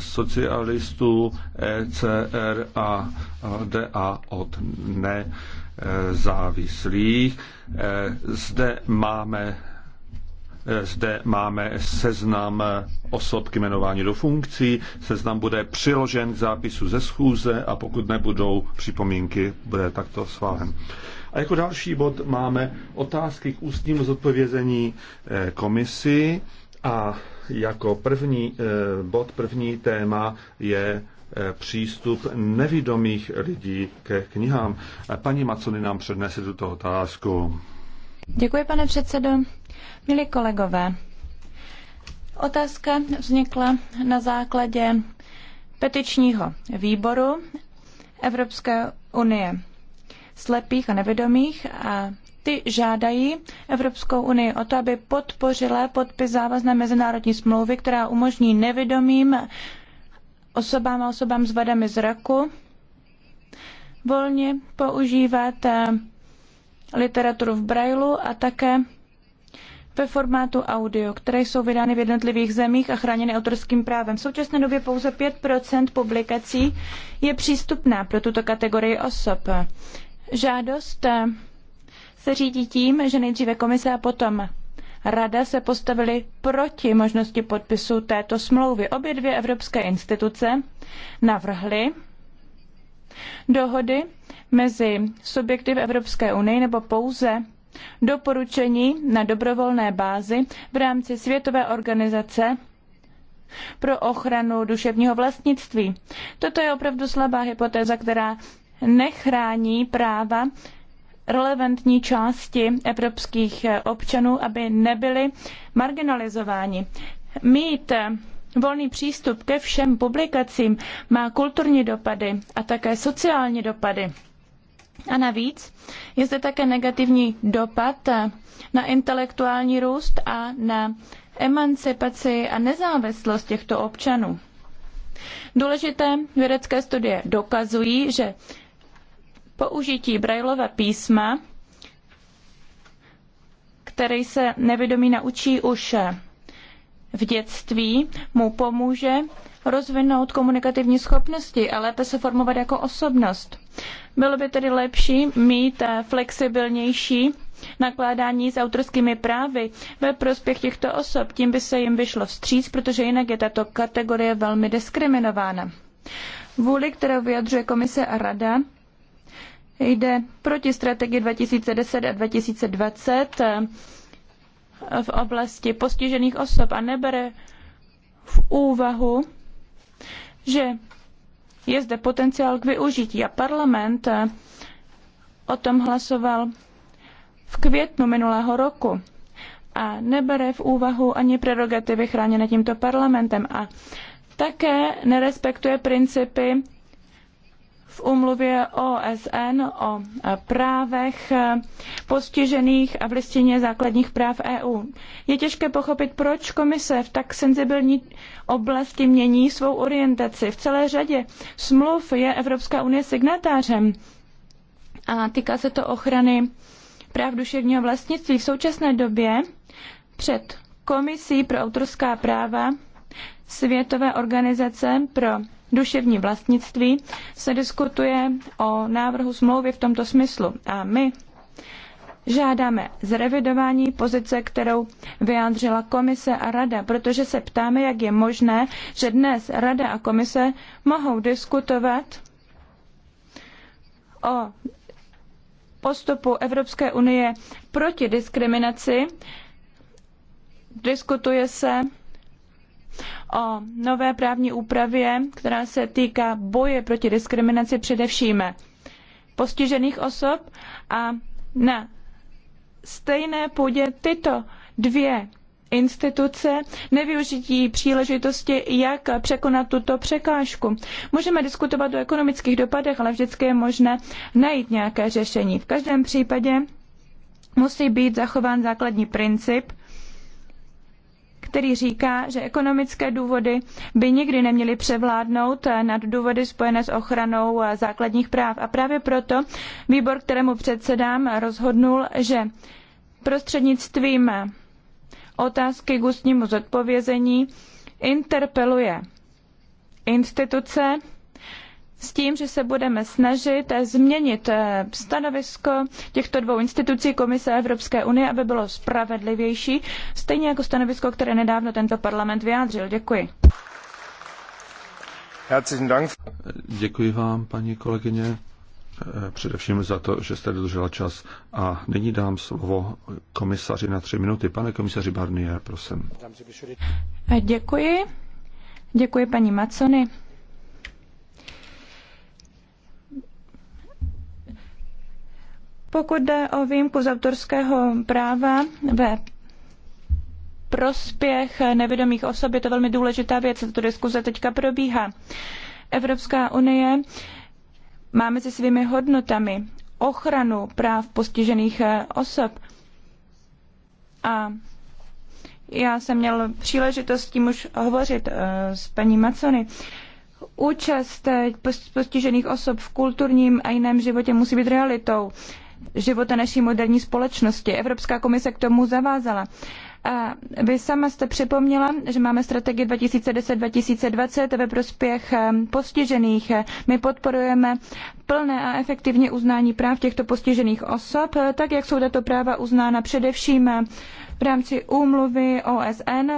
socialistů ECR a DA od nezávislých. E, zde máme e, zde máme seznam osob k jmenování do funkcí. Seznam bude přiložen k zápisu ze schůze a pokud nebudou připomínky, bude takto schválen. A jako další bod máme otázky k ústnímu zodpovězení e, komisi a jako první eh, bod, první téma je eh, přístup nevidomých lidí ke knihám. Paní Macony nám přednese tuto otázku. Děkuji, pane předsedo. Milí kolegové, otázka vznikla na základě petičního výboru Evropské unie slepých a nevědomých a ty žádají Evropskou unii o to, aby podpořila podpis závazné mezinárodní smlouvy, která umožní nevidomým osobám a osobám s vadami zraku volně používat eh, literaturu v brailu a také ve formátu audio, které jsou vydány v jednotlivých zemích a chráněny autorským právem. V současné době pouze 5 publikací je přístupná pro tuto kategorii osob. Žádost eh, se řídí tím, že nejdříve komise a potom Rada se postavili proti možnosti podpisu této smlouvy. Obě dvě evropské instituce navrhly dohody mezi subjekty v Evropské unii nebo pouze doporučení na dobrovolné bázi v rámci Světové organizace pro ochranu duševního vlastnictví. Toto je opravdu slabá hypotéza, která nechrání práva relevantní části evropských občanů, aby nebyli marginalizováni. Mít volný přístup ke všem publikacím má kulturní dopady a také sociální dopady. A navíc je zde také negativní dopad na intelektuální růst a na emancipaci a nezávislost těchto občanů. Důležité vědecké studie dokazují, že Použití Braillova písma, který se nevědomí naučí už v dětství, mu pomůže rozvinout komunikativní schopnosti a lépe se formovat jako osobnost. Bylo by tedy lepší mít eh, flexibilnější nakládání s autorskými právy ve prospěch těchto osob. Tím by se jim vyšlo vstříc, protože jinak je tato kategorie velmi diskriminována. Vůli, kterou vyjadřuje komise a rada, jde proti strategii 2010 a 2020 eh, v oblasti postižených osob a nebere v úvahu, že je zde potenciál k využití. A parlament eh, o tom hlasoval v květnu minulého roku a nebere v úvahu ani prerogativy chráněné tímto parlamentem a také nerespektuje principy v OSN o e, právech e, postižených a v listině základních práv EU. Je těžké pochopit, proč komise v tak senzibilní oblasti mění svou orientaci. V celé řadě smluv je Evropská unie signatářem a týká se to ochrany práv duševního vlastnictví. V současné době před Komisí pro autorská práva Světové organizace pro duševní vlastnictví se diskutuje o návrhu smlouvy v tomto smyslu. A my žádáme zrevidování pozice, kterou vyjádřila komise a rada, protože se ptáme, jak je možné, že dnes rada a komise mohou diskutovat o postupu Evropské unie proti diskriminaci. Diskutuje se o nové právní úpravě, která se týká boje proti diskriminaci především postižených osob a na stejné půdě tyto dvě instituce nevyužití příležitosti, jak překonat tuto překážku. Můžeme diskutovat o ekonomických dopadech, ale vždycky je možné najít nějaké řešení. V každém případě musí být zachován základní princip, který říká, že ekonomické důvody by nikdy neměly převládnout nad důvody spojené s ochranou základních práv. A právě proto výbor, kterému předsedám, rozhodnul, že prostřednictvím otázky k ústnímu zodpovězení interpeluje instituce, s tím, že se budeme snažit eh, změnit eh, stanovisko těchto dvou institucí Komise Evropské unie, aby bylo spravedlivější, stejně jako stanovisko, které nedávno tento parlament vyjádřil. Děkuji. Děkuji vám, paní kolegyně, eh, především za to, že jste dodržela čas. A nyní dám slovo komisaři na tři minuty. Pane komisaři Barnier, prosím. Děkuji. Děkuji paní Macony. Pokud jde o výjimku z autorského práva ve prospěch nevědomých osob, je to velmi důležitá věc, tato diskuze teďka probíhá. Evropská unie má mezi svými hodnotami ochranu práv postižených eh, osob. A já jsem měl příležitost tím už hovořit eh, s paní Macony. Účast eh, postižených osob v kulturním a jiném životě musí být realitou života naší moderní společnosti. Evropská komise k tomu zavázala. A vy sama jste připomněla, že máme strategii 2010-2020 ve prospěch ehm, postižených. My podporujeme plné a efektivní uznání práv těchto postižených osob, tak jak jsou tato práva uznána především ehm, v rámci úmluvy OSN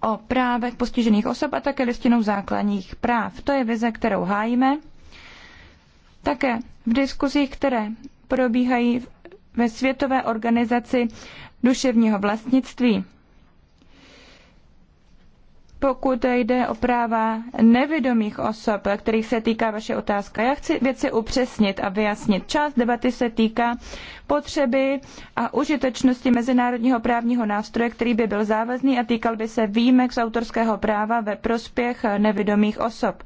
o právech postižených osob a také listinou základních práv. To je vize, kterou hájíme. Také v diskuzích, které probíhají ve Světové organizaci duševního vlastnictví. Pokud jde o práva nevědomých osob, kterých se týká vaše otázka, já chci věci upřesnit a vyjasnit. Část debaty se týká potřeby a užitečnosti mezinárodního právního nástroje, který by byl závazný a týkal by se výjimek z autorského práva ve prospěch nevědomých osob.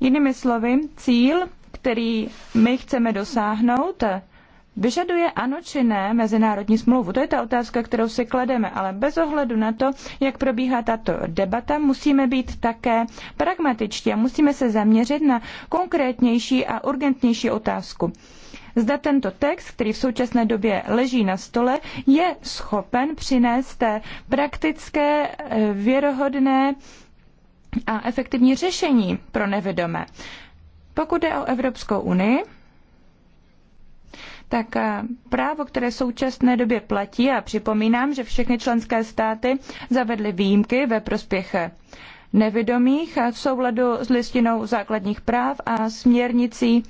Jinými slovy, cíl který my chceme dosáhnout, Vyžaduje ano či ne mezinárodní smlouvu? To je ta otázka, kterou si klademe, ale bez ohledu na to, jak probíhá tato debata, musíme být také pragmatičtí a musíme se zaměřit na konkrétnější a urgentnější otázku. Zda tento text, který v současné době leží na stole, je schopen přinést praktické, eh, věrohodné a efektivní řešení pro nevědomé. Pokud jde o Evropskou unii, tak eh, právo, které v současné době platí, a připomínám, že všechny členské státy zavedly výjimky ve prospěch eh, nevidomých eh, v souladu s listinou základních práv a směrnicí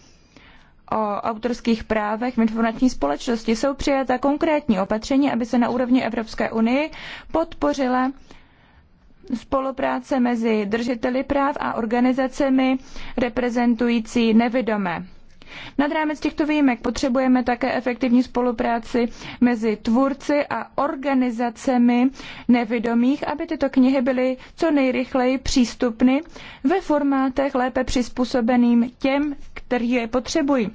o autorských právech v informační společnosti jsou přijata konkrétní opatření, aby se na úrovni Evropské unie podpořila spolupráce mezi držiteli práv a organizacemi reprezentující nevidomé. Nad rámec těchto výjimek potřebujeme také efektivní spolupráci mezi tvůrci a organizacemi nevidomých, aby tyto knihy byly co nejrychleji přístupny ve formátech lépe přizpůsobeným těm, kteří je potřebují.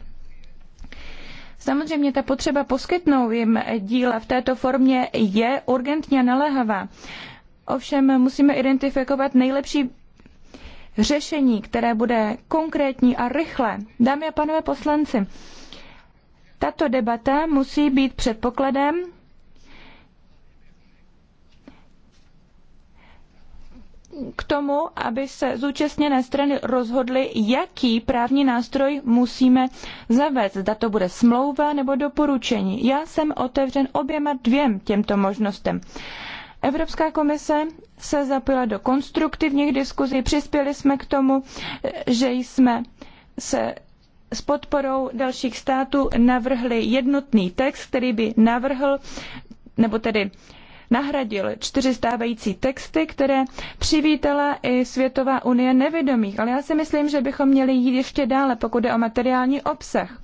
Samozřejmě ta potřeba poskytnout jim díla v této formě je urgentně naléhavá. Ovšem musíme identifikovat nejlepší řešení, které bude konkrétní a rychlé. Dámy a panové poslanci, tato debata musí být předpokladem k tomu, aby se zúčastněné strany rozhodly, jaký právní nástroj musíme zavést. Zda to bude smlouva nebo doporučení. Já jsem otevřen oběma dvěm těmto možnostem. Evropská komise se zapojila do konstruktivních diskuzí, přispěli jsme k tomu, že jsme se s podporou dalších států navrhli jednotný text, který by navrhl, nebo tedy nahradil čtyři stávající texty, které přivítala i Světová unie nevědomých. Ale já si myslím, že bychom měli jít ještě dále, pokud jde o materiální obsah.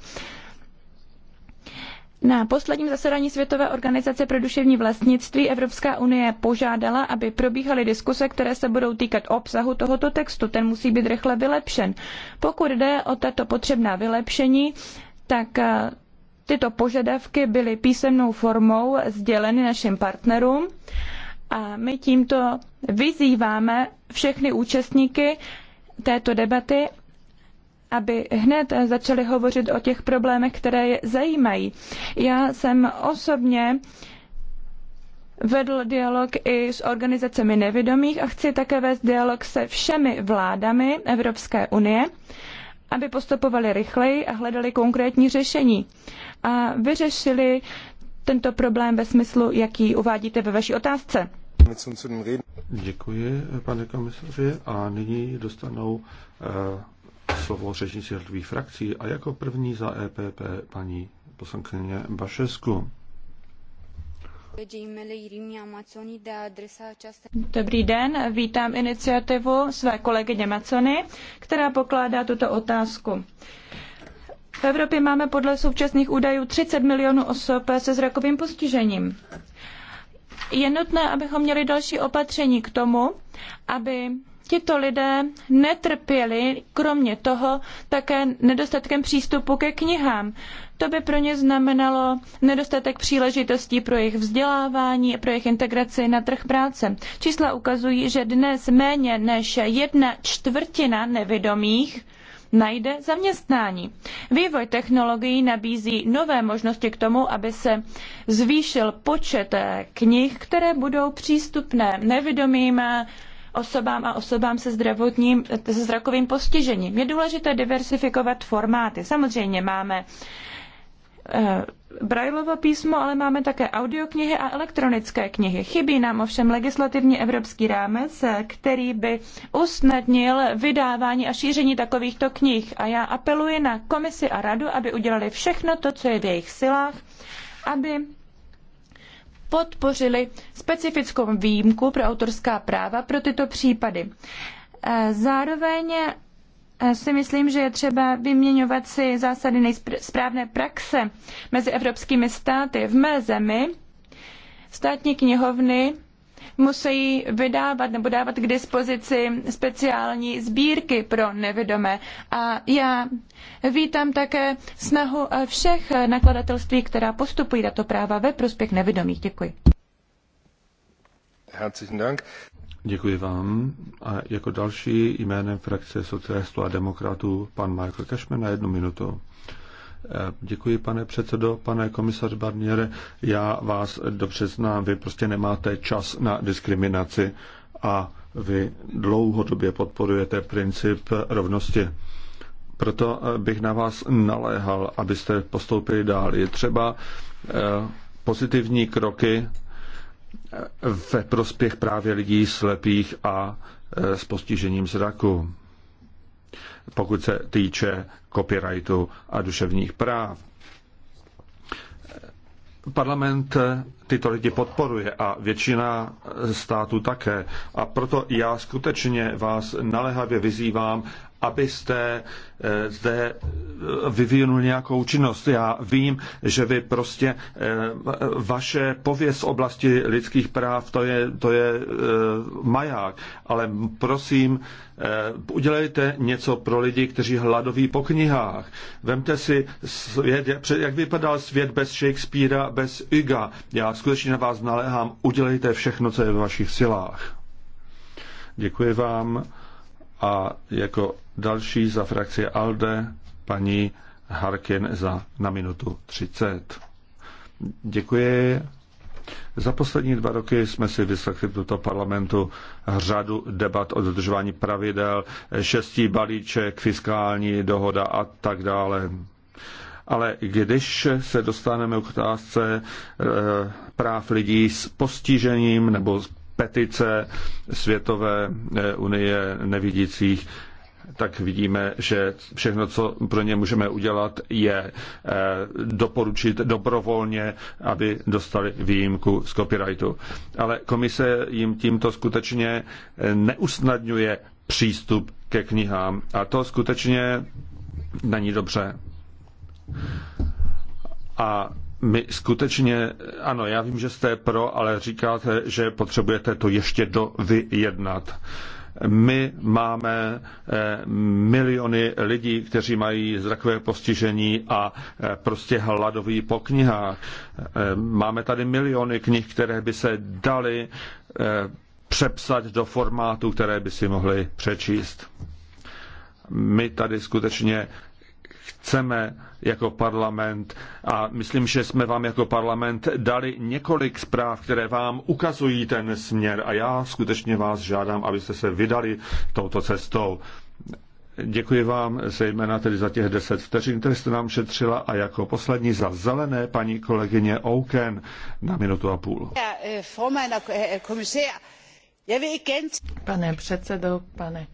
Na posledním zasedání Světové organizace pro duševní vlastnictví Evropská unie požádala, aby probíhaly diskuse, které se budou týkat obsahu tohoto textu. Ten musí být rychle vylepšen. Pokud jde o tato potřebná vylepšení, tak eh, tyto požadavky byly písemnou formou sděleny našim partnerům a my tímto vyzýváme všechny účastníky této debaty, aby hned začali hovořit o těch problémech, které je zajímají. Já jsem osobně vedl dialog i s organizacemi nevědomých a chci také vést dialog se všemi vládami Evropské unie, aby postupovali rychleji a hledali konkrétní řešení a vyřešili tento problém ve smyslu, jaký uvádíte ve vaší otázce. Děkuji, pane komisaři, a nyní dostanou eh, slovo řečníci jednotlivých frakcí a jako první za EPP paní poslankyně Bašesku. Dobrý den, vítám iniciativu své kolegy Macony, která pokládá tuto otázku. V Evropě máme podle současných údajů 30 milionů osob se zrakovým postižením. Je nutné, abychom měli další opatření k tomu, aby Tito lidé netrpěli, kromě toho, také nedostatkem přístupu ke knihám. To by pro ně znamenalo nedostatek příležitostí pro jejich vzdělávání a pro jejich integraci na trh práce. Čísla ukazují, že dnes méně než jedna čtvrtina nevidomých najde zaměstnání. Vývoj technologií nabízí nové možnosti k tomu, aby se zvýšil počet eh, knih, které budou přístupné nevidomým osobám a osobám se zdravotním, se zrakovým postižením. Je důležité diversifikovat formáty. Samozřejmě máme eh, Brailovo písmo, ale máme také audioknihy a elektronické knihy. Chybí nám ovšem legislativní evropský rámec, eh, který by usnadnil vydávání a šíření takovýchto knih. A já apeluji na komisi a radu, aby udělali všechno to, co je v jejich silách, aby podpořili specifickou výjimku pro autorská práva pro tyto případy. E, zároveň e, si myslím, že je třeba vyměňovat si zásady nejsprávné praxe mezi evropskými státy. V mé zemi státní knihovny musí vydávat nebo dávat k dispozici speciální sbírky pro nevidomé. A já vítám také snahu všech nakladatelství, která postupují tato práva ve prospěch nevidomých. Děkuji. Herzlichen Dank. Děkuji vám. A jako další jménem frakce socialistů a demokratů pan Michael Cashman na jednu minutu. Eh, děkuji, pane předsedo, pane komisař Barniere. Já vás dobře znám, vy prostě nemáte čas na diskriminaci a vy dlouhodobě podporujete princip rovnosti. Proto eh, bych na vás naléhal, abyste postoupili dál. Je třeba eh, pozitivní kroky ve prospěch právě lidí slepých a s postižením zraku pokud se týče copyrightu a duševních práv. Parlament tyto lidi podporuje a většina států také. A proto já skutečně vás naléhavě vyzývám, abyste eh, zde eh, vyvinul nějakou činnost. Já vím, že vy prostě eh, vaše pověst v oblasti lidských práv, to je, to je maják, ale prosím, udělejte něco pro lidi, kteří hladoví po knihách. Vemte si svět, jak vypadal svět bez Shakespearea, bez Iga. Já skutečně na vás naléhám, udělejte všechno, co je ve vašich silách. Děkuji vám a jako Další za frakci ALDE paní Harkin za na minutu 30. Děkuji. Za poslední dva roky jsme si vyslechli v tuto parlamentu řadu debat o dodržování pravidel, šestí balíček, fiskální dohoda a tak dále. Ale když se dostaneme k otázce eh, práv lidí s postižením nebo petice Světové eh, unie nevidících, tak vidíme, že všechno, co pro ně můžeme udělat, je eh, doporučit dobrovolně, aby dostali výjimku z copyrightu. Ale komise jim tímto skutečně eh, neusnadňuje přístup ke knihám a to skutečně není dobře. A my skutečně, ano, já vím, že jste pro, ale říkáte, že potřebujete to ještě dovyjednat. vyjednat. My máme eh, miliony lidí, kteří mají zrakové postižení a eh, prostě hladoví po knihách. Eh, máme tady miliony knih, které by se daly přepsat do formátu, které by si mohli přečíst. My tady skutečně chceme jako parlament a myslím, že jsme vám jako parlament dali několik zpráv, které vám ukazují ten směr a já skutečně vás žádám, abyste se vydali touto cestou. Děkuji vám zejména tedy za těch deset vteřin, které jste nám šetřila a jako poslední za zelené paní kolegyně Ouken na minutu a půl. Pane předsedo, pane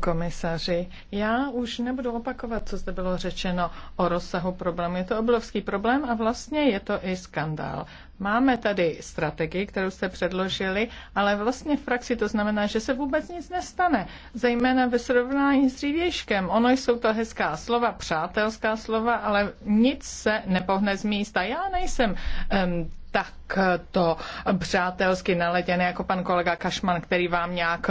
komisaři. Já už nebudu opakovat, co zde bylo řečeno o rozsahu problému. Je to obrovský problém a vlastně je to i skandál. Máme tady strategii, kterou jste předložili, ale vlastně v praxi to znamená, že se vůbec nic nestane, zejména ve srovnání s dřívějškem. Ono jsou to hezká slova, přátelská slova, ale nic se nepohne z místa. Já nejsem um, tak to přátelsky naleděný jako pan kolega Kašman, který vám nějak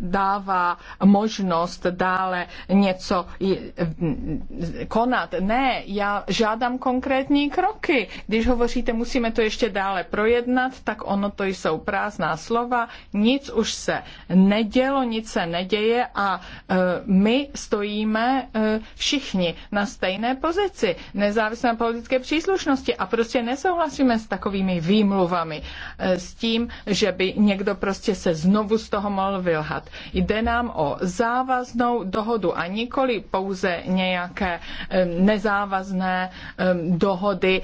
dává možnost dále něco konat. Ne, já žádám konkrétní kroky. Když hovoříte, musíme to ještě dále projednat, tak ono to jsou prázdná slova, nic už se nedělo, nic se neděje a e, my stojíme e, všichni na stejné pozici, nezávisle na politické příslušnosti a prostě nesouhlasíme s takovými výmluvami, e, s tím, že by někdo prostě se znovu z toho mohl obelhat. Jde nám o závaznou dohodu a nikoli pouze nějaké nezávazné dohody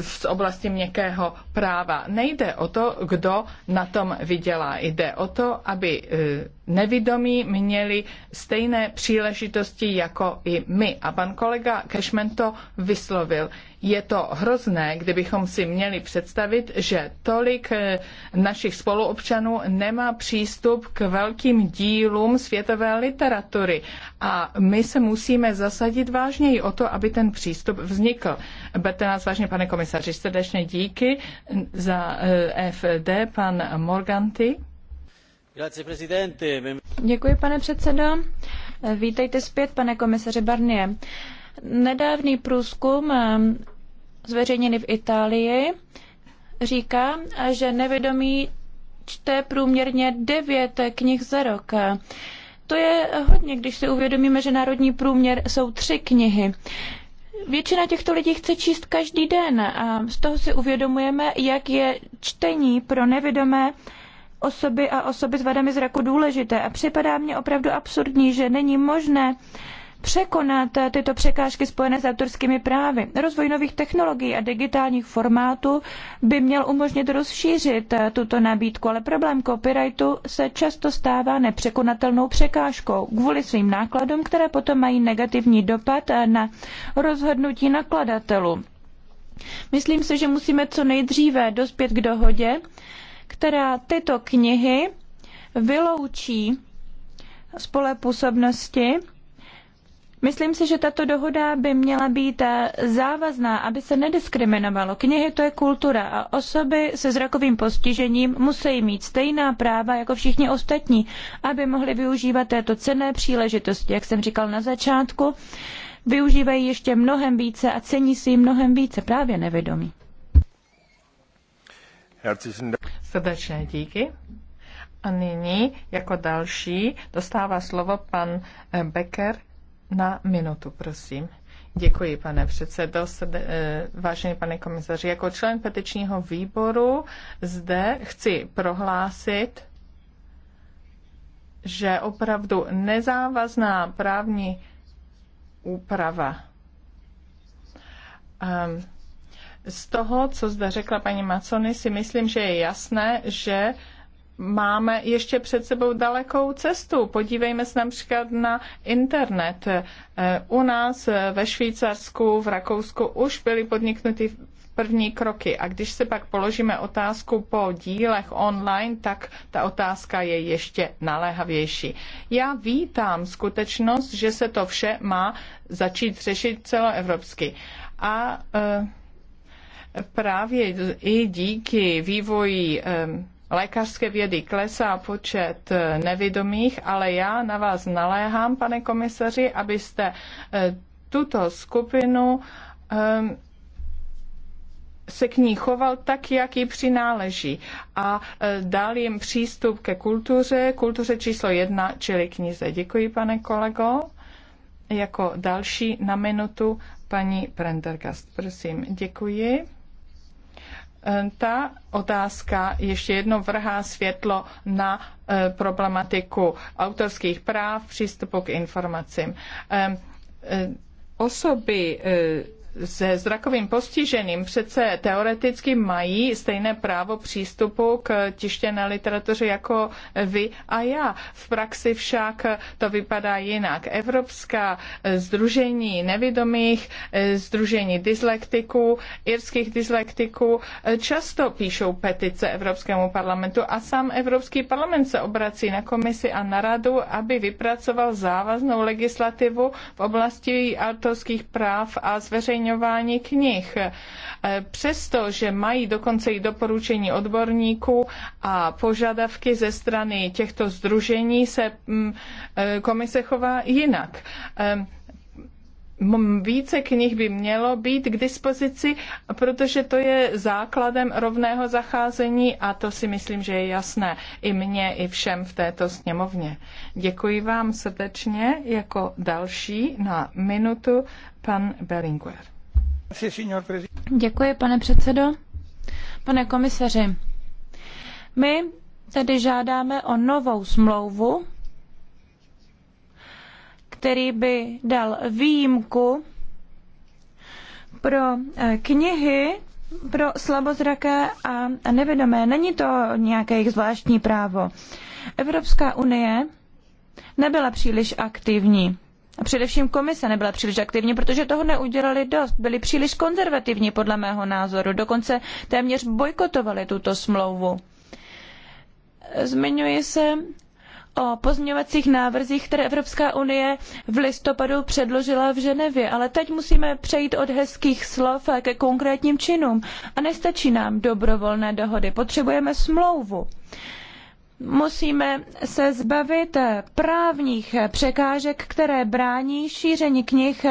z oblasti měkkého práva. Nejde o to, kdo na tom vydělá. Jde o to, aby e, nevidomí měli stejné příležitosti jako i my. A pan kolega Cashman to vyslovil. Je to hrozné, kdybychom si měli představit, že tolik eh, našich spoluobčanů nemá přístup k velkým dílům světové literatury. A my se musíme zasadit vážněji o to, aby ten přístup vznikl. Berte nás vážně, pane komisaři, srdečně díky za eh, FD, pan Morganti. Děkuji, pane předsedo. Vítejte zpět, pane komisaři Barnier. Nedávný průzkum zveřejněny v Itálii, říká, že nevědomí čte průměrně devět knih za rok. To je hodně, když si uvědomíme, že národní průměr jsou tři knihy. Většina těchto lidí chce číst každý den a z toho si uvědomujeme, jak je čtení pro nevědomé osoby a osoby s vadami zraku důležité. A připadá mně opravdu absurdní, že není možné uh, překonat tyto překážky spojené s autorskými právy. Rozvoj nových technologií a digitálních formátů by měl umožnit rozšířit tuto nabídku, ale problém copyrightu se často stává nepřekonatelnou překážkou kvůli svým nákladům, které potom mají negativní dopad na rozhodnutí nakladatelů. Myslím si, že musíme co nejdříve dospět k dohodě, která tyto knihy vyloučí z pole působnosti Myslím si, že tato dohoda by měla být eh, závazná, aby se nediskriminovalo. Knihy to je kultura a osoby se zrakovým postižením musí mít stejná práva jako všichni ostatní, aby mohli využívat této cenné příležitosti, jak jsem říkal na začátku. Využívají ještě mnohem více a cení si ji mnohem více právě nevědomí. Srdečné díky. A nyní jako další dostává slovo pan eh, Becker na minutu, prosím. Děkuji, pane předsedo. Eh, vážený pane komisaři, jako člen petičního výboru zde chci prohlásit, že opravdu nezávazná právní úprava. Ehm, z toho, co zde řekla paní Macony, si myslím, že je jasné, že máme ještě před sebou dalekou cestu. Podívejme se například na internet. Eh, u nás eh, ve Švýcarsku, v Rakousku už byly podniknuty první kroky. A když se pak položíme otázku po dílech online, tak ta otázka je ještě naléhavější. Já vítám skutečnost, že se to vše má začít řešit celoevropsky. A e, právě i díky vývoji e, lékařské vědy klesá počet eh, nevidomých, ale já na vás naléhám, pane komisaři, abyste eh, tuto skupinu ehm, se k ní choval tak, jak jí přináleží a eh, dal jim přístup ke kultuře, kultuře číslo jedna, čili knize. Děkuji, pane kolego. Jako další na minutu paní Prendergast. Prosím, děkuji. Ta otázka ještě jednou vrhá světlo na e, problematiku autorských práv, přístupu k informacím. E, osoby e, se zrakovým postiženým přece teoreticky mají stejné právo přístupu k tištěné literatuře jako vy a já. V praxi však to vypadá jinak. Evropská eh, združení nevidomých, eh, združení dyslektiků, irských dyslektiků eh, často píšou petice Evropskému parlamentu a sám Evropský parlament se obrací na komisi a na radu, aby vypracoval závaznou legislativu v oblasti autorských práv a zveřejnění zveřejňování knih. E, přesto, že mají dokonce i doporučení odborníků a požadavky ze strany těchto združení, se mm, e, komise chová jinak e, více knih by mělo být k dispozici, protože to je základem rovného zacházení a to si myslím, že je jasné i mně, i všem v této sněmovně. Děkuji vám srdečně. Jako další na minutu pan Berlinguer. Děkuji, pane předsedo. Pane komisaři, my tedy žádáme o novou smlouvu, který by dal výjimku pro eh, knihy pro slabozraké a nevědomé. Není to nějaké jejich zvláštní právo. Evropská unie nebyla příliš aktivní a především komise nebyla příliš aktivní, protože toho neudělali dost. Byli příliš konzervativní, podle mého názoru. Dokonce téměř bojkotovali tuto smlouvu. Zmiňuji se o pozměňovacích návrzích, které Evropská unie v listopadu předložila v Ženevě, ale teď musíme přejít od hezkých slov ke konkrétním činům. A nestačí nám dobrovolné dohody, potřebujeme smlouvu musíme se zbavit právních překážek, které brání šíření knih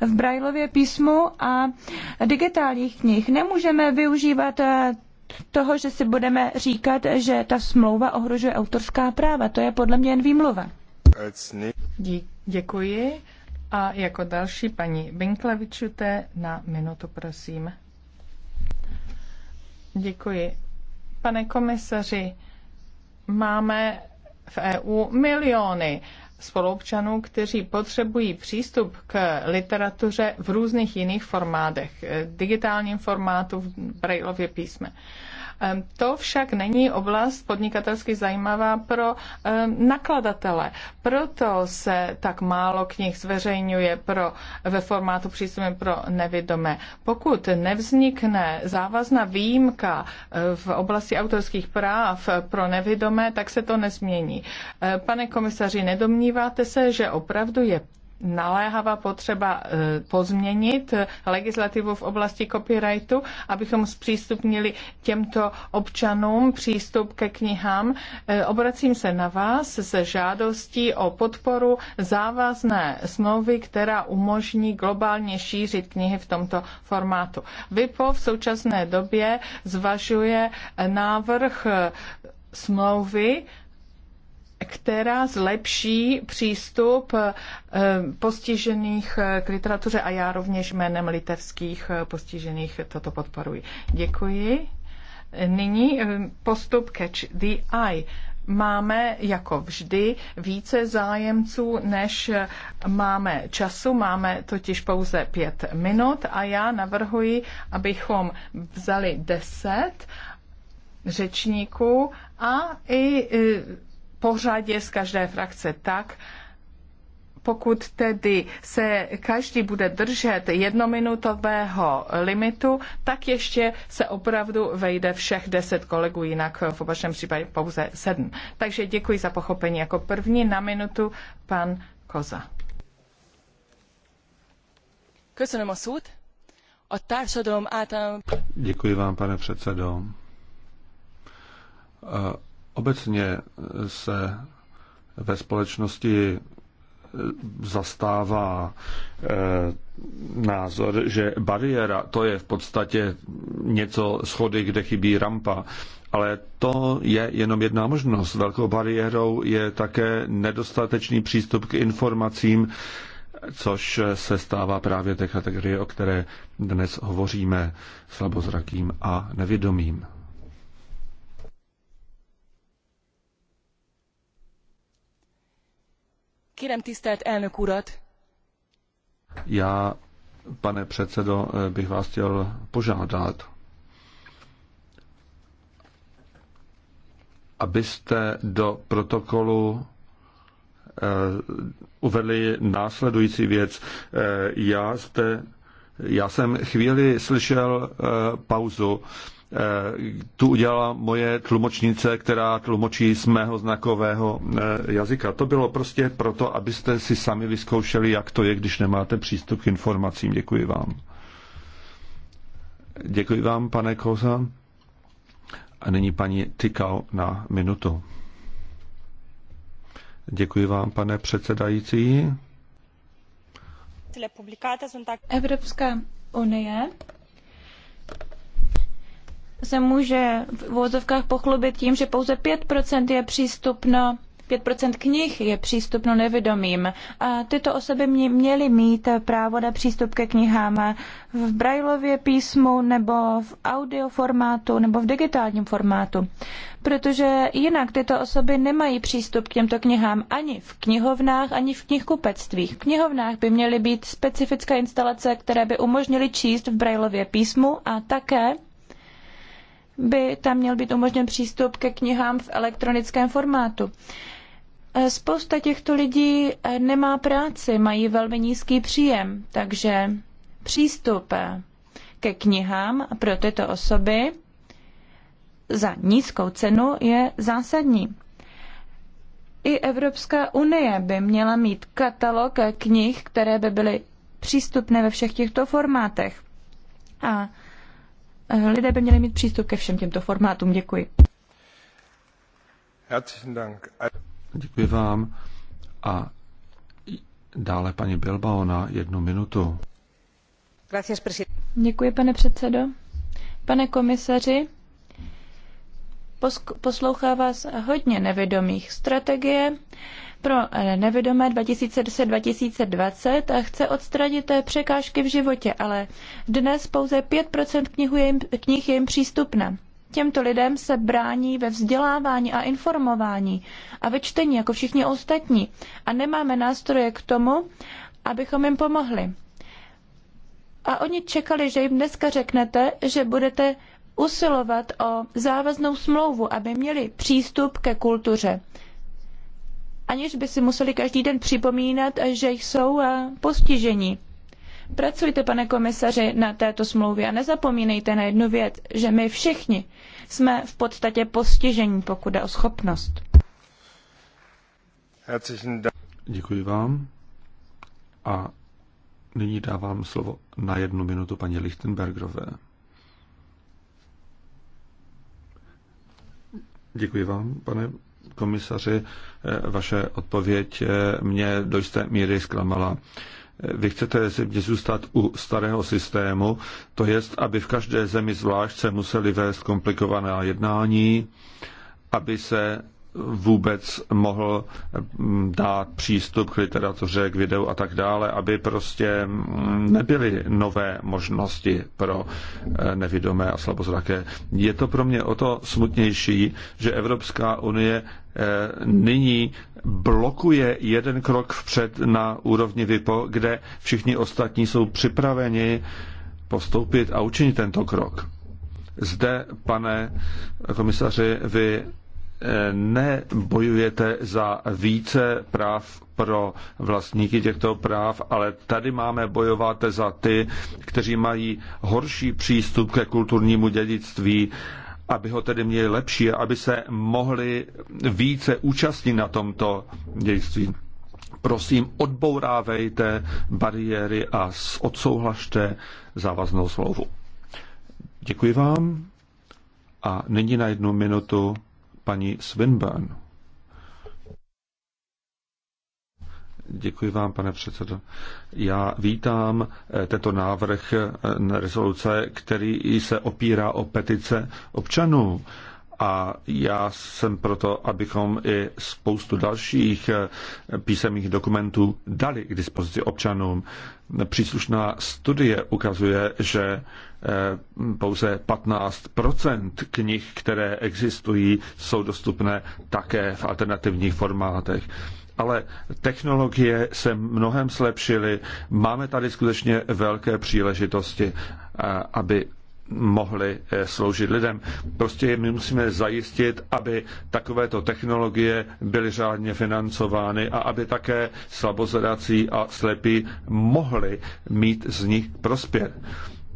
v Brailově písmu a digitálních knih. Nemůžeme využívat toho, že si budeme říkat, že ta smlouva ohrožuje autorská práva. To je podle mě jen výmluva. Děkuji. A jako další paní Binklevičute na minutu, prosím. Děkuji. Pane komisaři, máme v EU miliony spoluobčanů, kteří potřebují přístup k literatuře v různých jiných formátech, digitálním formátu, v brailově písme. To však není oblast podnikatelsky zajímavá pro nakladatele. Proto se tak málo knih zveřejňuje pro, ve formátu přístupem pro nevidomé. Pokud nevznikne závazná výjimka e, v oblasti autorských práv pro nevidomé, tak se to nezmění. E, pane komisaři, nedomníváte se, že opravdu je naléhavá potřeba eh, pozměnit legislativu v oblasti copyrightu, abychom zpřístupnili těmto občanům přístup ke knihám. Eh, obracím se na vás se žádostí o podporu závazné smlouvy, která umožní globálně šířit knihy v tomto formátu. VIPO v současné době zvažuje návrh eh, smlouvy, která zlepší přístup eh, postižených eh, k literatuře a já rovněž jménem litevských eh, postižených toto podporuji. Děkuji. Nyní postup Catch the Eye. Máme jako vždy více zájemců, než máme času. Máme totiž pouze pět minut a já navrhuji, abychom vzali deset řečníků a i pořadě z každé frakce tak, pokud tedy se každý bude držet jednominutového limitu, tak ještě se opravdu vejde všech deset kolegů, jinak v opačném případě pouze sedm. Takže děkuji za pochopení. Jako první na minutu pan Koza. A Děkuji vám, pane předsedo. Obecně se ve společnosti eh, zastává eh, názor, že bariéra to je v podstatě něco schody, kde chybí rampa. Ale to je jenom jedna možnost. Velkou bariérou je také nedostatečný přístup k informacím, což se stává právě té kategorie, o které dnes hovoříme, slabozrakým a nevědomým. Kérem tisztelt elnök urat. Já, pane předsedo, eh, bych vás chtěl požádat, abyste do protokolu eh, uvedli následující věc. Eh, já, jste, já jsem chvíli slyšel pauzu Eh, tu udělala moje tlumočnice, která tlumočí z mého znakového eh, jazyka. To bylo prostě proto, abyste si sami vyzkoušeli, jak to je, když nemáte přístup k informacím. Děkuji vám. Děkuji vám, pane Koza. A nyní paní Tykal na minutu. Děkuji vám, pane předsedající. Evropská unie se může v vozovkách pochlubit tím, že pouze 5% je přístupno 5% knih je přístupno nevědomým. A tyto osoby měly mít právo na přístup ke knihám v brajlově písmu nebo v audioformátu nebo v digitálním formátu. Protože jinak tyto osoby nemají přístup k těmto knihám ani v knihovnách, ani v knihkupectvích. V knihovnách by měly být specifické instalace, které by umožnily číst v brajlově písmu a také by tam měl být umožněn přístup ke knihám v elektronickém formátu. E, spousta těchto lidí e, nemá práci, mají velmi nízký příjem, takže přístup e, ke knihám pro tyto osoby za nízkou cenu je zásadní. I Evropská unie by měla mít katalog knih, které by byly přístupné ve všech těchto formátech. A Eh, lidé by měli mít přístup ke všem těmto formátům. Děkuji. Děkuji vám. A dále paní Bilbao na jednu minutu. Děkuji, pane předsedo. Pane komisaři, poslouchá vás hodně nevědomých. Strategie pro eh, nevědomé 2010-2020 eh, chce odstranit eh, překážky v životě, ale dnes pouze 5% knihu je jim, knih je jim přístupné. Těmto lidem se brání ve vzdělávání a informování a ve čtení jako všichni ostatní a nemáme nástroje k tomu, abychom jim pomohli. A oni čekali, že jim dneska řeknete, že budete usilovat o závaznou smlouvu, aby měli přístup ke kultuře aniž by si museli každý den připomínat, že jsou eh, postižení. Pracujte, pane komisaři, na této smlouvě a nezapomínejte na jednu věc, že my všichni jsme v podstatě postižení, pokud jde o schopnost. Děkuji vám. A nyní dávám slovo na jednu minutu paní Lichtenbergerové. Děkuji vám, pane komisaři, eh, vaše odpověď eh, mě do jisté míry zklamala. Eh, vy chcete země zůstat u starého systému, to jest, aby v každé zemi zvlášť se museli vést komplikovaná jednání, aby se vůbec mohl mm, dát přístup k literatuře, k videu a tak dále, aby prostě mm, nebyly nové možnosti pro eh, nevidomé a slabozraké. Je to pro mě o to smutnější, že Evropská unie eh, nyní blokuje jeden krok vpřed na úrovni VIPO, kde všichni ostatní jsou připraveni postoupit a učinit tento krok. Zde, pane komisaři, vy nebojujete za více práv pro vlastníky těchto práv, ale tady máme bojovat za ty, kteří mají horší přístup ke kulturnímu dědictví, aby ho tedy měli lepší, aby se mohli více účastnit na tomto dědictví. Prosím, odbourávejte bariéry a odsouhlašte závaznou smlouvu. Děkuji vám. A nyní na jednu minutu paní Swinburne. Děkuji vám, pane předsedo. Já vítám eh, tento návrh eh, rezoluce, který se opírá o petice občanů a já jsem proto, abychom i spoustu dalších eh, písemných dokumentů dali k dispozici občanům. Příslušná studie ukazuje, že eh, pouze 15 knih, které existují, jsou dostupné také v alternativních formátech ale technologie se mnohem zlepšily. Máme tady skutečně velké příležitosti, eh, aby mohly eh, sloužit lidem. Prostě my musíme zajistit, aby takovéto technologie byly řádně financovány a aby také slabozadací a slepí mohli mít z nich prospěch.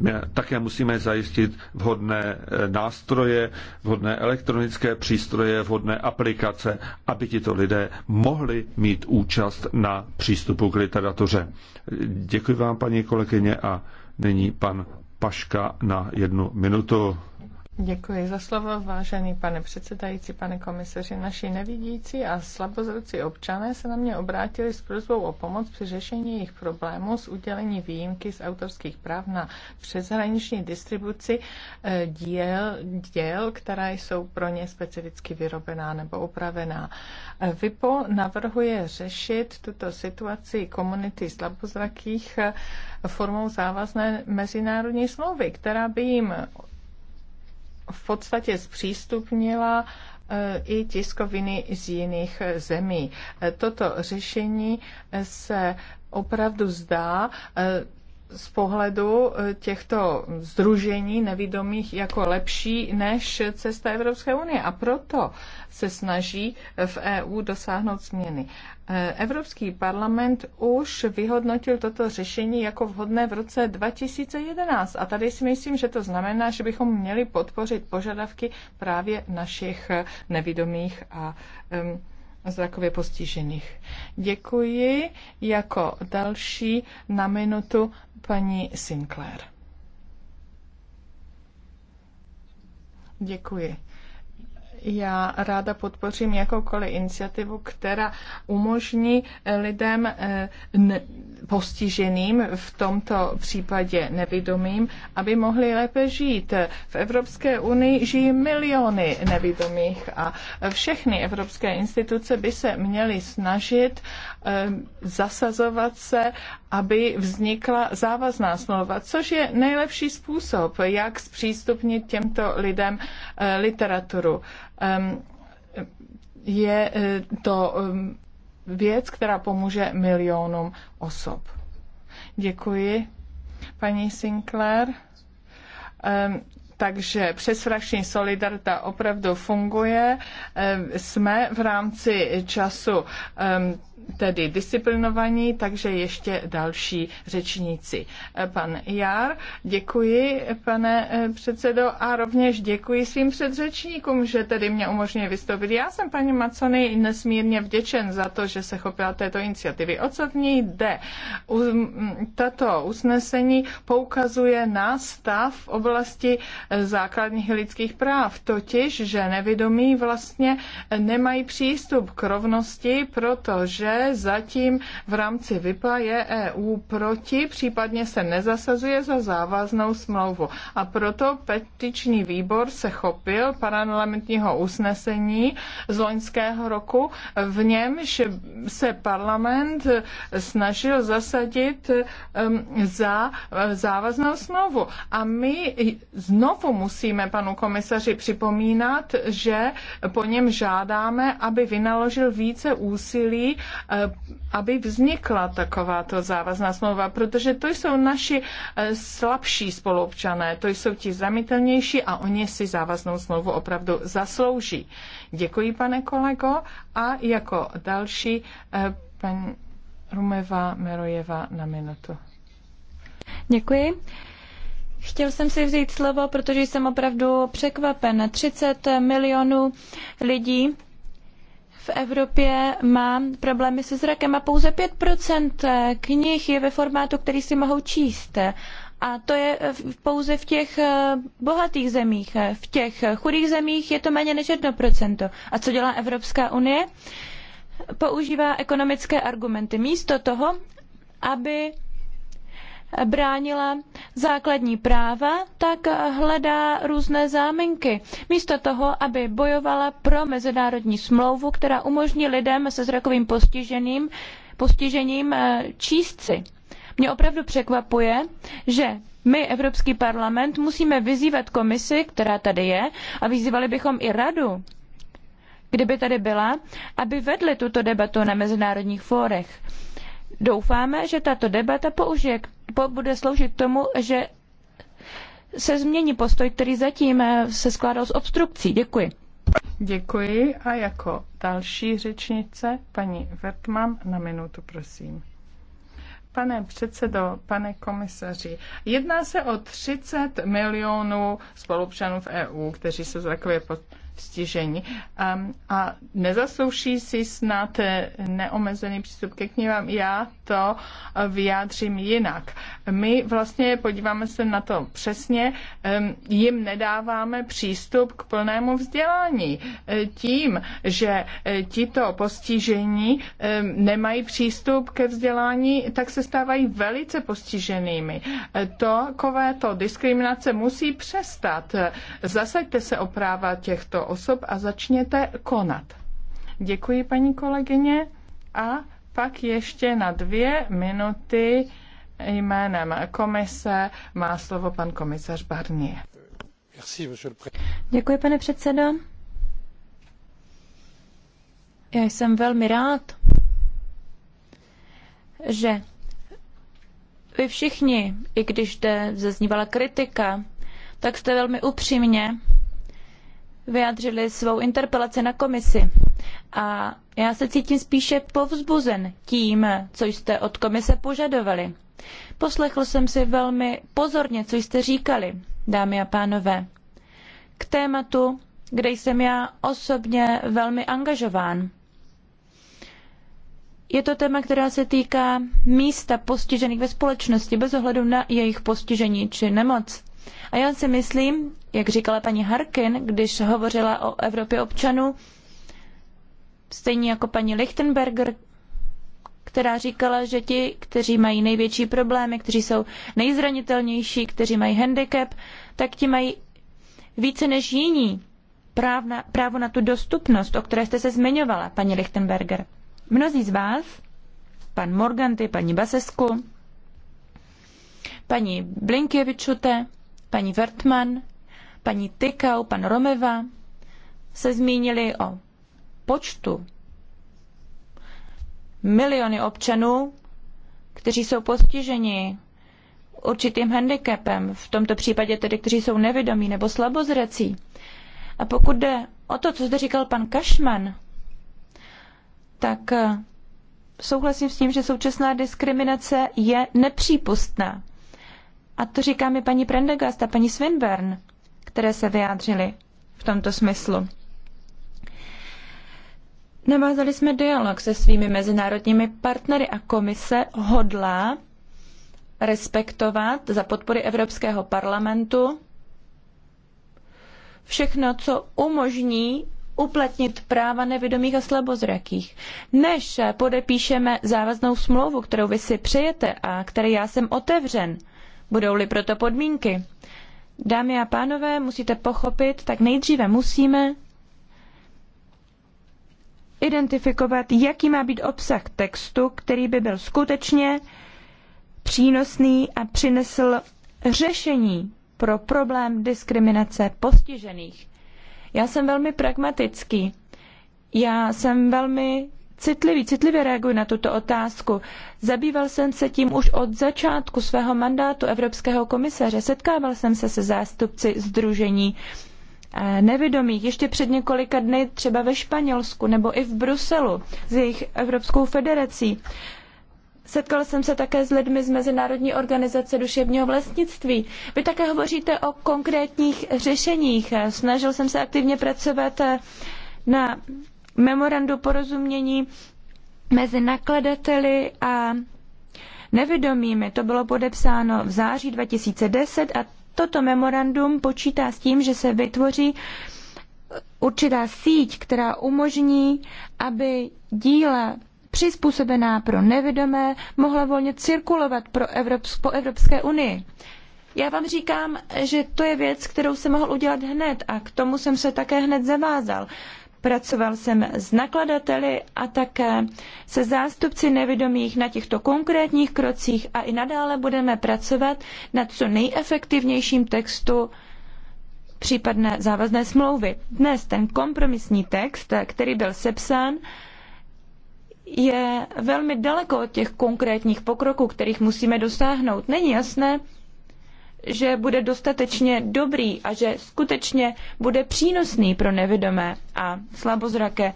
My také musíme zajistit vhodné eh, nástroje, vhodné elektronické přístroje, vhodné aplikace, aby tito lidé mohli mít účast na přístupu k literatuře. Děkuji vám, paní kolegyně, a nyní pan Paška na jednu minutu. Děkuji za slovo, vážený pane předsedající, pane komisaři. Naši nevidící a slabozrucí občané se na mě obrátili s prozbou o pomoc při řešení jejich problémů s udělení výjimky z autorských práv na přeshraniční distribuci eh, díl, děl, která jsou pro ně specificky vyrobená nebo upravená. Eh, VIPO navrhuje řešit tuto situaci komunity slabozrakých eh, formou závazné mezinárodní smlouvy, která by jim v podstatě zpřístupnila eh, i tiskoviny z jiných eh, zemí. Eh, toto řešení se opravdu zdá z pohledu e, těchto združení nevidomých jako lepší než cesta Evropské unie a proto se snaží e, v EU dosáhnout změny. E, Evropský parlament už vyhodnotil toto řešení jako vhodné v roce 2011 a tady si myslím, že to znamená, že bychom měli podpořit požadavky právě našich nevidomých a um, zrakově postižených. Děkuji. Jako další na minutu paní Sinclair. Děkuji. Já ráda podpořím jakoukoliv iniciativu, která umožní lidem eh, postiženým, v tomto případě nevidomým, aby mohli lépe žít. V Evropské unii žijí miliony nevidomých a všechny evropské instituce by se měly snažit eh, zasazovat se, aby vznikla závazná smlouva, což je nejlepší způsob, jak zpřístupnit těmto lidem eh, literaturu je e, to věc, která pomůže milionům osob. Děkuji, paní Sinclair. Takže přesfrakční solidarita opravdu funguje. Jsme v rámci času tedy disciplinovaní, takže ještě další řečníci. E, pan Jár, děkuji, pane e, předsedo, a rovněž děkuji svým předřečníkům, že tedy mě umožňuje vystoupit. Já jsem paní Macony nesmírně vděčen za to, že se chopila této iniciativy. O co v ní jde? Tato usnesení poukazuje na stav v oblasti základních lidských práv, totiž, že nevědomí vlastně nemají přístup k rovnosti, protože zatím v rámci VIPA je EU proti, případně se nezasazuje za závaznou smlouvu. A proto petiční výbor se chopil paralelamentního usnesení z loňského roku, v němž se parlament snažil zasadit um, za uh, závaznou smlouvu. A my znovu znovu musíme panu komisaři připomínat, že po něm žádáme, aby vynaložil více úsilí, eh, aby vznikla takováto závazná smlouva, protože to jsou naši eh, slabší spoluobčané, to jsou ti zranitelnější a oni si závaznou smlouvu opravdu zaslouží. Děkuji, pane kolego, a jako další eh, paní Rumeva Merojeva na minutu. Děkuji. Chtěl jsem si vzít slovo, protože jsem opravdu překvapen. 30 milionů lidí v Evropě má problémy se zrakem a pouze 5% knih je ve formátu, který si mohou číst. A to je pouze v těch eh, bohatých zemích. V těch chudých zemích je to méně než 1%. A co dělá Evropská unie? Používá ekonomické argumenty. Místo toho, aby bránila základní práva, tak hledá různé záminky. Místo toho, aby bojovala pro mezinárodní smlouvu, která umožní lidem se zrakovým postižením, postižením eh, číst si. Mě opravdu překvapuje, že my, Evropský parlament, musíme vyzývat komisi, která tady je, a vyzývali bychom i radu, kdyby tady byla, aby vedli tuto debatu na mezinárodních fórech. Doufáme, že tato debata použije k bude sloužit tomu, že se změní postoj, který zatím eh, se skládal z obstrukcí. Děkuji. Děkuji a jako další řečnice paní Vertman na minutu, prosím. Pane předsedo, pane komisaři, jedná se o 30 milionů spolupčanů v EU, kteří jsou takové pod stižení. Ehm, a, a nezaslouší si snad eh, neomezený přístup ke knihám. Já to eh, vyjádřím jinak. My vlastně podíváme se na to přesně, ehm, jim nedáváme přístup k plnému vzdělání. Eh, tím, že tito postižení ehm, nemají přístup ke vzdělání, tak se stávají velice postiženými. To, kovéto diskriminace musí přestat. Zasaďte se o práva těchto těchto osob a začněte konat. Děkuji, paní kolegyně. A pak ještě na dvě minuty jménem komise má slovo pan komisař Barnier. Děkuji, pane předsedo. Já jsem velmi rád, že vy všichni, i když jde zaznívala kritika, tak jste velmi upřímně vyjádřili svou interpelaci na komisi. A já se cítím spíše povzbuzen tím, co jste od komise požadovali. Poslechl jsem si velmi pozorně, co jste říkali, dámy a pánové, k tématu, kde jsem já osobně velmi angažován. Je to téma, která se týká místa postižených ve společnosti bez ohledu na jejich postižení či nemoc. A já si myslím, jak říkala paní Harkin, když hovořila o Evropě občanů, stejně jako paní Lichtenberger, která říkala, že ti, kteří mají největší problémy, kteří jsou nejzranitelnější, kteří mají handicap, tak ti mají více než jiní práv na, právo na tu dostupnost, o které jste se zmiňovala, paní Lichtenberger. Mnozí z vás, pan Morganty, paní Basesku, paní Blinkěvičute, paní Wertmann, paní Tykau, pan Romeva se zmínili o počtu miliony občanů, kteří jsou postiženi určitým handicapem, v tomto případě tedy, kteří jsou nevědomí nebo slabozrací. A pokud jde o to, co zde říkal pan Kašman, tak souhlasím s tím, že současná diskriminace je nepřípustná. A to říká mi paní Prendegast a paní Swinburn, které se vyjádřily v tomto smyslu. Navázali jsme dialog se svými mezinárodními partnery a komise hodlá respektovat za podpory Evropského parlamentu všechno, co umožní uplatnit práva nevědomých a slabozrakých. Než podepíšeme závaznou smlouvu, kterou vy si přejete a které já jsem otevřen, budou-li proto podmínky. Dámy a pánové, musíte pochopit, tak nejdříve musíme identifikovat, jaký má být obsah textu, který by byl skutečně přínosný a přinesl řešení pro problém diskriminace postižených. Já jsem velmi pragmatický. Já jsem velmi citlivě reaguji na tuto otázku. Zabýval jsem se tím už od začátku svého mandátu evropského komisaře. Setkával jsem se se zástupci Združení eh, nevidomých ještě před několika dny třeba ve Španělsku nebo i v Bruselu s jejich Evropskou federací. Setkal jsem se také s lidmi z Mezinárodní organizace duševního vlastnictví. Vy také hovoříte o konkrétních řešeních. Snažil jsem se aktivně pracovat eh, na memorandu porozumění mezi nakladateli a nevědomými. To bylo podepsáno v září 2010 a toto memorandum počítá s tím, že se vytvoří určitá síť, která umožní, aby díla přizpůsobená pro nevědomé mohla volně cirkulovat pro Evrops- po Evropské unii. Já vám říkám, že to je věc, kterou jsem mohl udělat hned a k tomu jsem se také hned zavázal. Pracoval jsem s nakladateli a také se zástupci nevědomých na těchto konkrétních krocích a i nadále budeme pracovat na co nejefektivnějším textu případné závazné smlouvy. Dnes ten kompromisní text, který byl sepsán, je velmi daleko od těch konkrétních pokroků, kterých musíme dosáhnout. Není jasné, že bude dostatečně dobrý a že skutečně bude přínosný pro nevidomé a slabozraké.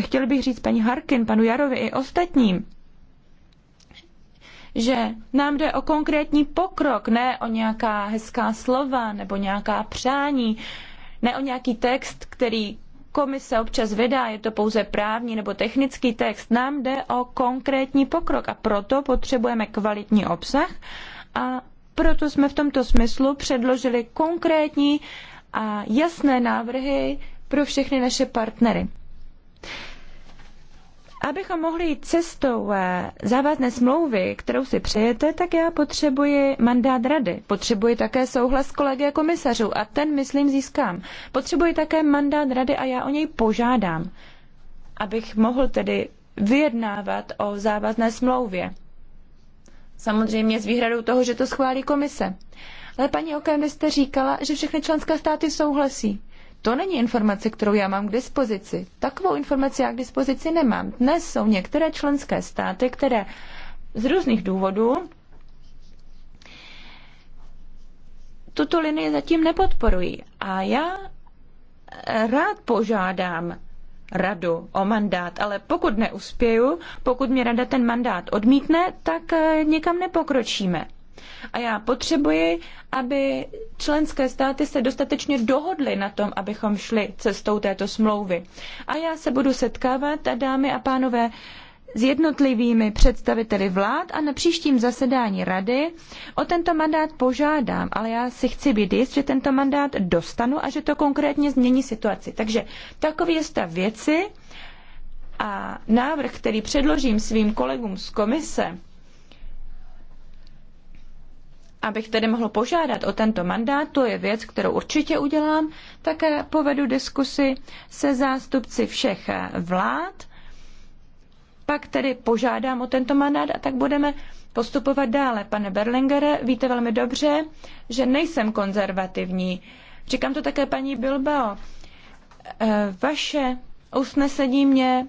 Chtěl bych říct paní Harkin, panu Jarovi i ostatním, že nám jde o konkrétní pokrok, ne o nějaká hezká slova nebo nějaká přání, ne o nějaký text, který komise občas vydá, je to pouze právní nebo technický text. Nám jde o konkrétní pokrok a proto potřebujeme kvalitní obsah a proto jsme v tomto smyslu předložili konkrétní a jasné návrhy pro všechny naše partnery. Abychom mohli jít cestou eh, závazné smlouvy, kterou si přejete, tak já potřebuji mandát rady. Potřebuji také souhlas kolegy a komisařů a ten, myslím, získám. Potřebuji také mandát rady a já o něj požádám, abych mohl tedy vyjednávat o závazné smlouvě. Samozřejmě s výhradou toho, že to schválí komise. Ale paní Okem, vy jste říkala, že všechny členské státy souhlasí. To není informace, kterou já mám k dispozici. Takovou informaci já k dispozici nemám. Dnes jsou některé členské státy, které z různých důvodů tuto linii zatím nepodporují. A já rád požádám radu o mandát, ale pokud neuspěju, pokud mě rada ten mandát odmítne, tak eh, nikam nepokročíme. A já potřebuji, aby členské státy se dostatečně dohodly na tom, abychom šli cestou této smlouvy. A já se budu setkávat, dámy a pánové, s jednotlivými představiteli vlád a na příštím zasedání rady o tento mandát požádám, ale já si chci být jist, že tento mandát dostanu a že to konkrétně změní situaci. Takže takový je stav věci a návrh, který předložím svým kolegům z komise, abych tedy mohl požádat o tento mandát, to je věc, kterou určitě udělám. Také povedu diskusi se zástupci všech vlád pak tedy požádám o tento mandát a tak budeme postupovat dále. Pane Berlingere, víte velmi dobře, že nejsem konzervativní. Říkám to také paní Bilbao. E, vaše usnesení mě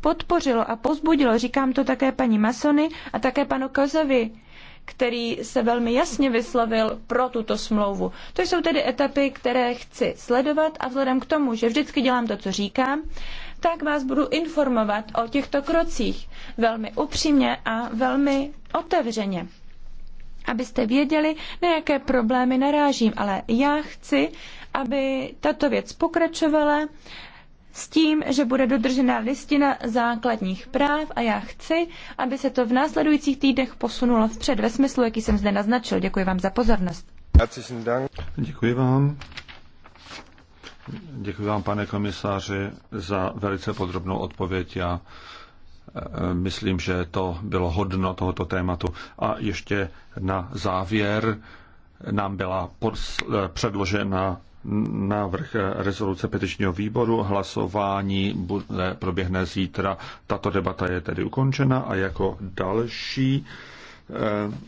podpořilo a pozbudilo. Říkám to také paní Masony a také panu Kozovi, který se velmi jasně vyslovil pro tuto smlouvu. To jsou tedy etapy, které chci sledovat a vzhledem k tomu, že vždycky dělám to, co říkám, tak vás budu informovat o těchto krocích velmi upřímně a velmi otevřeně. Abyste věděli, na jaké problémy narážím, ale já chci, aby tato věc pokračovala s tím, že bude dodržena listina základních práv a já chci, aby se to v následujících týdnech posunulo vpřed ve smyslu, jaký jsem zde naznačil. Děkuji vám za pozornost. Děkuji vám. Děkuji vám, pane komisáři, za velice podrobnou odpověď. Já eh, myslím, že to bylo hodno tohoto tématu. A ještě na závěr nám byla eh, předložena návrh rezoluce petičního výboru. Hlasování bude, proběhne zítra. Tato debata je tedy ukončena a jako další eh,